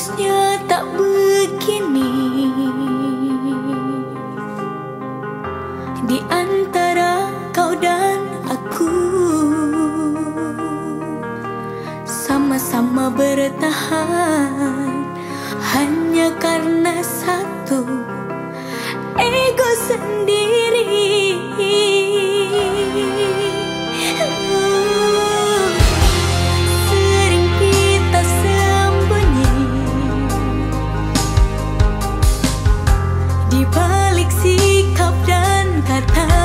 harusnya tak begini Di antara kau aku Sama-sama bertahan Hanya kau Di balik sikap dan kata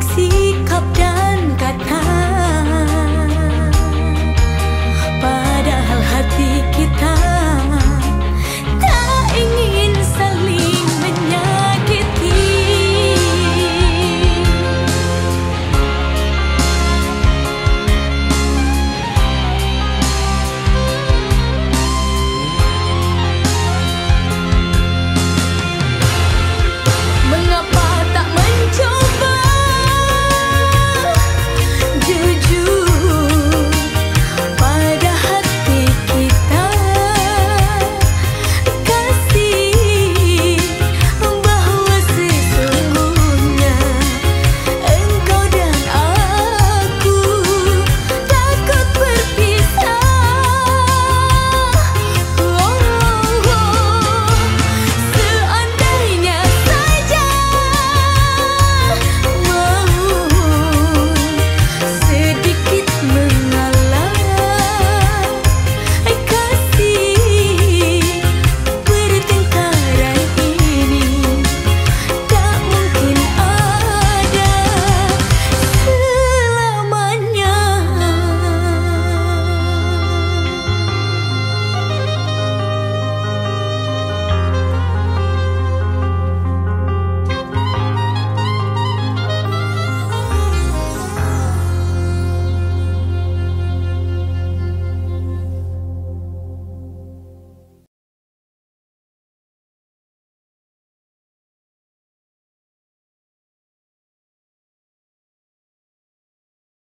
Alexis.